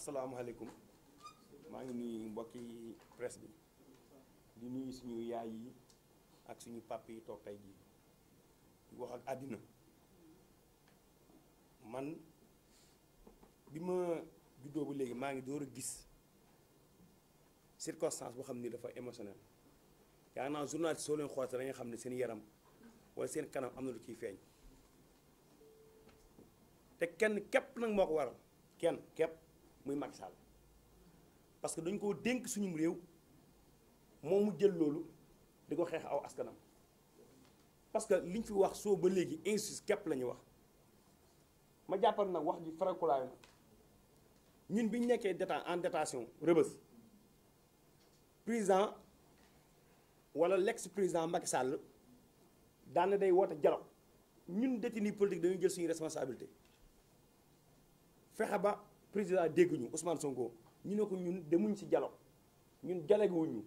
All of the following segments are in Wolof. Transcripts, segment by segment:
asalaamaaleykum maa ngi nuyu mbokki presse bi di nuyu suñu yaay yi ak suñu papa yi toog tey jii di wax ak àddina man bi ma juddoo ba léegi maa ngi door a gis circonstance boo xam ni dafa émotionnel yaa naa journaliste soo leen xool dañuy xam ne seen yaram wala seen kanam am na lu ciy feeñ te kenn képp nag moo ko waral kenn kepp moy Macky Sall parce que dañ ko dénk suñu rew momu jël lolu diko ko aw askanam parce que liñ fi wax so ba légui injustice képp la wax ma jàppal nag wax ji farakulaay na ñun biñ ñu détat en détention Rebeuss président wala l'ex président Macky Sall daana day wota dialogue ñun détenus politiques dañu jël suñu responsabilité fexe ba. président dégguñu Ousmane Sonko ñu ne ko ñun demuñ ci dialogue ñun dialogue wuñu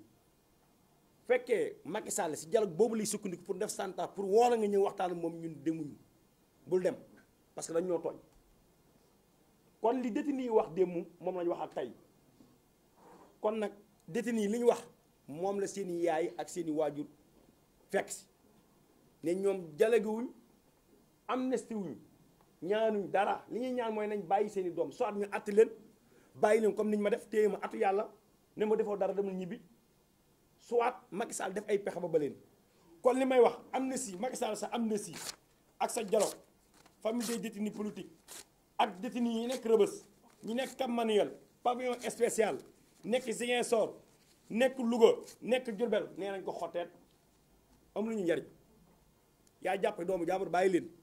fekkee Macky Sall si dialogue boobu lay sukkandiku pour def santa pour woo la nga ñëw waxtaan moom ñun demuñu bul dem parce que dañ ñoo tooñ kon li détenu wax démb moom lañu wax ak tey kon nag détenu yi wax moom la seen i yaay ak seeni i waajur fekk si ne ñoom dialogue wuñ amnistie wuñ ñaanuñ dara li ñuy ñaan mooy nañ bàyyi seen i doom soit ñu att leen bàyyi leen comme niñ ma def téye ma atu yàlla ne ma defoo dara demul ñibbi soit Macky Sall def ay pexe ba ba leen kon li may wax amnistie Macky Sall sa amnistie ak sa dialogue famille des détenus politiques ak détenus yi nekk Rebeuss ñu nekk Cap Manuel pavillon spécial nekk Ziguinchor nekk lugo nekk Diourbel nee nañ ko xotteet am lu ñu njariñ yaa jàpp doomu jaamur bàyyi leen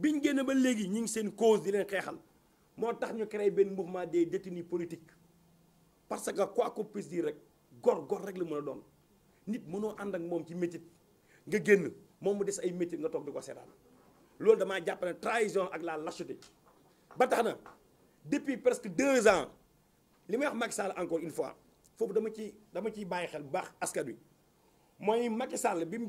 biñ vous ba une cause di leen xéxal mo tax ñu créé un mouvement des détenus politiques parce que quoi qu'on puisse dire gor gor rek la mëna doon nit mëno and ak mom ci métier nga ay nga trahison ak la lâcheté ba depuis presque deux ans limay wax Macky Sall encore une fois fofu dama ci dama ci que xel wi Macky Sall bi mu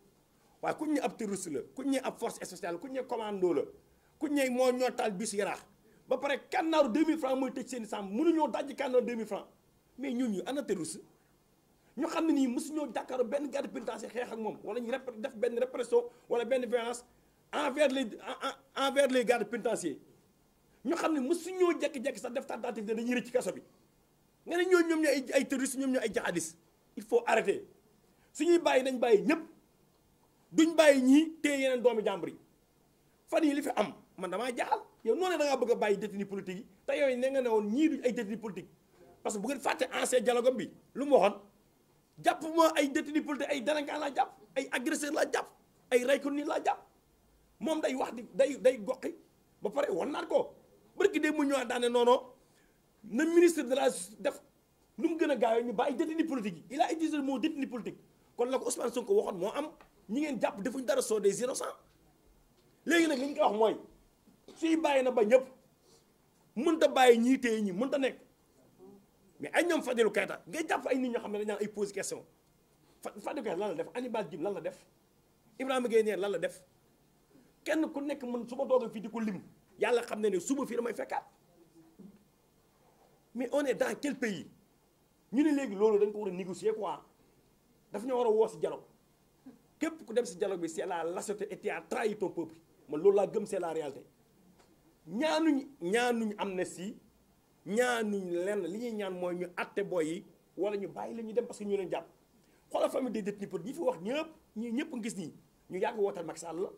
waaye ku ñu ab terroriste la ku ñu ab force spéciale ku ñu commando la ku ñu moo ñoo taal bis yaraax ba pare kannaaru 2000 francs mooy tëj seen i sàmm mënuñoo daj kannaaru 2000 francs mais ñun ñu ana terroriste ñu xam ne nii mësuñoo jàkkaaroo benn garde pénitentiaire xeex ak moom wala ñu def benn répression wala benn violence envers les envers les garde pénitentiaire ñu xam ne mësuñoo jékki-jékki sax def tentative de dañuy rëcc ci kaso bi nga ne ñooñu ñoom ñooy ay terroristes ñoom ñooy ay jihadistes il faut arrêter suñuy bàyyi nañ bàyyi ñëpp duñ bàyyi ñii téye yeneen doomi jàmbur yi fan yi li fi am man damaa jaaxal yow noonu da bëgg bàyyi détenu politique yi te yooyu ne nga ne woon ñii duñ ay détenu politique parce que bu ngeen fàtte ancien dialogue bi lu mu waxoon jàpp ma ay détenu politique ay délinquant laa jàpp ay agresseur laa jàpp ay raykon nii laa jàpp moom day wax di day day goqi ba pare wan naat ko barki dee mu ñëwaat daane non non na ministre de la justice def nu mu gën a gaawee ñu bàyyi a utilisé le mot détenu politique kon la ko waxoon moo am ñu ngeen jàpp defuñ dara soo des innocents léegi nag li koy wax mooy suy bàyyi na ba ñëpp mënta bàyyi ñii téye ñi mënta nekk mais ay ñoom Fadilou Keita ngay jàpp ay nit ñoo xam ne dañu ay pose question Fadilou Keita lan la def Hannibal Djim lan la def Ibrahima Gueye Nder lan la def kenn ku nekk mën su ma doog fii di ko lim yàlla xam ne ne suba fii damay fekkaat mais on est dans quel pays ñu ne léegi loolu dañ ko war a négocier quoi daf ñoo war a woo si dialogue képp ku dem si dialogue bi c'est la lâcheté et tu as trahi ton peuple man loolu laa gëm c'est la réalité ñaanuñ ñaanuñ amnistie ñaanuñ lenn li ñuy ñaan mooy ñu atte boy yi wala ñu bàyyi la ñu dem parce que ñu leen jàpp la famille des détenus pour ñi fi wax ñëpp ñi ñëpp ngis nii ñu yàgg wooteel Macky Sall la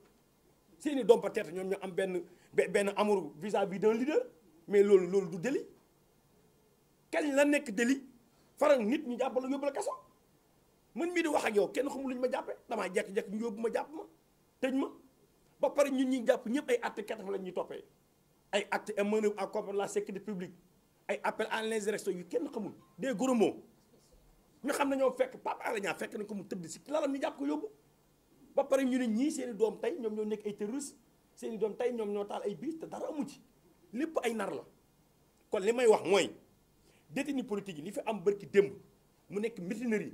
seeni doom peut-être ñoom ñu am benn benn amour vis-à-vis d'un leader mais loolu loolu du délit kañ la nekk délit faral nit ñu jàpp la yóbbu la kaso man mii di wax ak yow kenn xamul lu ñu ma jàppee damaa jekk-jekk ñu yóbbu ma jàpp ma tëj ma ba pare ñu ñuy jàpp ñëpp ay actes quatre la ñuy toppee ay actes et manœuvre en contre la sécurité publique ay appel à l'insurrection yu kenn xamul des gros ñu xam ne ñoom fekk Pape Alé Niang fekk nañ ko mu tëdd si lalam ñu jàpp ko yóbbu ba pare ñu ne ñii seen i doom tey ñoom ñoo nekk ay terroristes seen i doom tey ñoom ñoo taal ay biis te dara amu ci lépp ay nar la kon li may wax mooy détenu politique yi li fi am bërki démb mu nekk mutinerie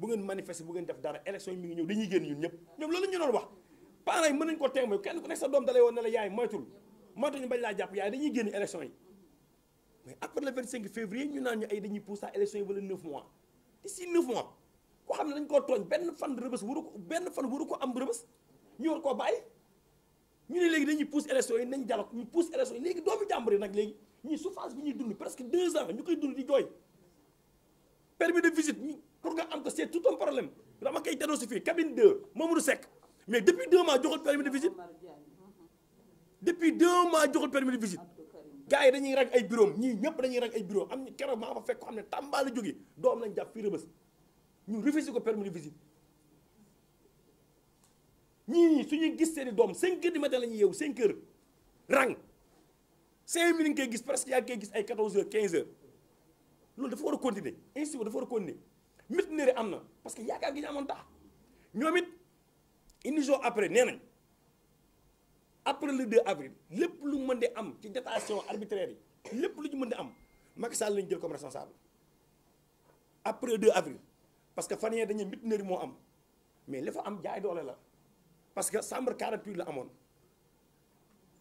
bu ngeen manifester bu ngeen def dara élection yi mi ngi ñëw dañuy génn ñun ñëpp ñoom loolu ñu doon wax parents yi mën nañu ko témoin kenn ku nekk sa ne la yaay dañuy génn élection yi mais après le 25 février ñu ñu ay dañuy pousse à élection yi wala xam ne dañ koo tooñ benn fan rëbës waru ko benn fan waru ko am rëbës ñu ñu ne léegi dañuy pousse élection yi nañ dialogue ñu pousse élection yi léegi doomu jàmbur yi nag léegi ñuy souffrance bi ñuy dund presque deux ans ñu koy dund di jooy permis de visite pour nga am c'est tout un problème dama suis teroo si cabine 2 Mamadou Seck mais depuis deux mois joxul permis de visite depuis deux mois joxul permis de visite gars yi dañuy rag ay bureau ils sont dañuy rag ay bureau am ñu keroog maa fa fekk ko xam ne Tamba la jógee doom lañ jàpp fii Rebeuss ñu refusé ko permis de visite ñii suñuy gis seeni doom 5 heures du matin ils sont yeewu 5 heures rang 5 minutes nga koy gis presque yaa ngi koy ay 14 heures 15 heures loolu dafa war a continuer institut dafa war a continuer mutinerie am na parce que yaakaar gi ñu amoon tax ñoom it une jour après nee nañ après le 2 avril lépp lu mën di am ci détention arbitraire yi lépp lu ñu mën di am Macky Sall lañ jël comme responsable après 2 avril parce que fan yee dañuy mutinerie moo am mais li fa am jaay doole la parce que chambre 48 la amoon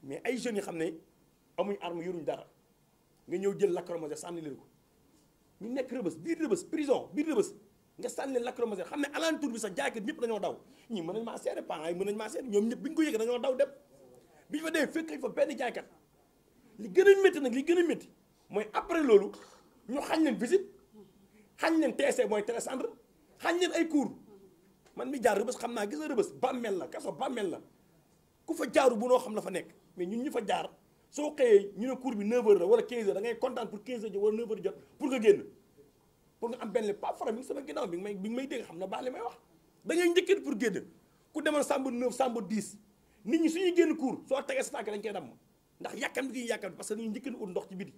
mais ay jeunes yi xam ne amuñ arme yoruñ dara nga ñëw jël lacrymogène sànni leen ko. ñu nekk rëbës biir rëbës prison biir rëbës nga sànni leen lacrymogène xam ne alentour bi sax jaaykat ñëpp dañoo daw ñi mën nañ maa seede parents yi mën nañ maa seede ñoom ñëpp bi ñu ko yëg dañoo daw dem bi ñu fa dee fekk fa benn jaaykat li gën a métti nag li gën a mooy après loolu ñu xañ leen visite xañ leen TC mooy télécentre xaañ leen ay cours man mi jaar rëbës xam naa gis na rëbës bàmmeel la kaso bàmmeel la ku fa jaaru bu noo xam la fa nekk mais ñun ñu fa jaar soo xëyee ñu ne cours bi 9 la wala 15h da ngay pour 15h wala 9 jot pour nga génn pour nga am benn pas faram mi ngi sama ginnaaw bi ngi may bi may dégg xam na baax li may wax da ngay njëkkee pour génn ku demoon sàmba 9 sàmba 10 nit ñi suñuy génn cour soo tegee sa tànk dañ koy damm ndax yàkkam bi gi yàkkam parce que dañuy njëkkee ut ndox ci biti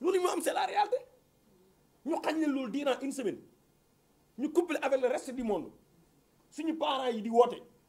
loolu ñu moo am c'est la réalité ñu xañ ne loolu durant une semaine ñu couplé avec le reste du monde suñu parents yi di woote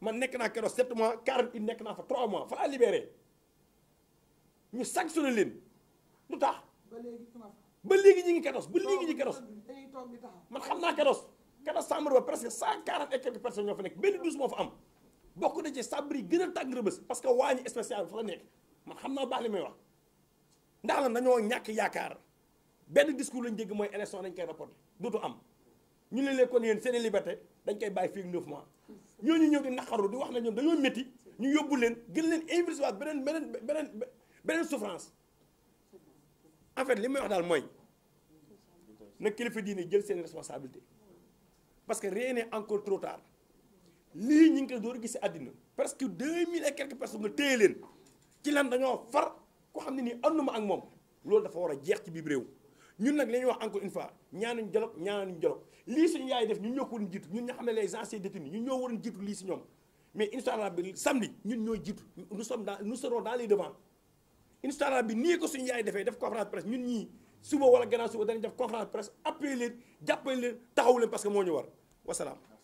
man nekk naa keroog sept mois quarante-huit nekk naa fa trois mois fa la libéré ñu sanctionné leen lu tax. ba léegi ñu ngi keroos ba léegi ñu ngi keroos man xam naa keroos keroos chambre ba presque cent quarante et quelques personnes ñoo fa nekk benn douze moo fa am bokk na ci chambre yi gën a tàng rëbës parce que waa ñi spécial fa la nekk man xam naa baax li may wax ndax la dañoo ñàkk yaakaar benn discours lañ dégg mooy élection dañ koy rapporté dootu am ñu ne leen kon yéen seen liberté dañ koy bàyyi fii ak neuf mois nous, ñëw di naqaru di wax na ñoom dañoo métti ñu yóbbu leen gën leen waat beneen beneen souffrance en fait li may wax daal mooy na kilifa diine jël seen responsabilité parce que rien n'est encore trop tard lii ñu ngi door a gis presque et quelques personnes nga téye ci far ne ak loolu dafa jeex nous, nak encore une fois sommes nous nous suñu yaay def ñun ñun Nous sommes les anciens détenus nous ñoo li mais incha bi samedi ñun ñoo nous sommes dans nous serons dans les devants Instagram, bi Nous ko suñu yaay def conférence de presse ñun ñi suba wala gannaaw suba def conférence de presse Nous sommes leen taxaw leen parce que mo ñu war Wassalam.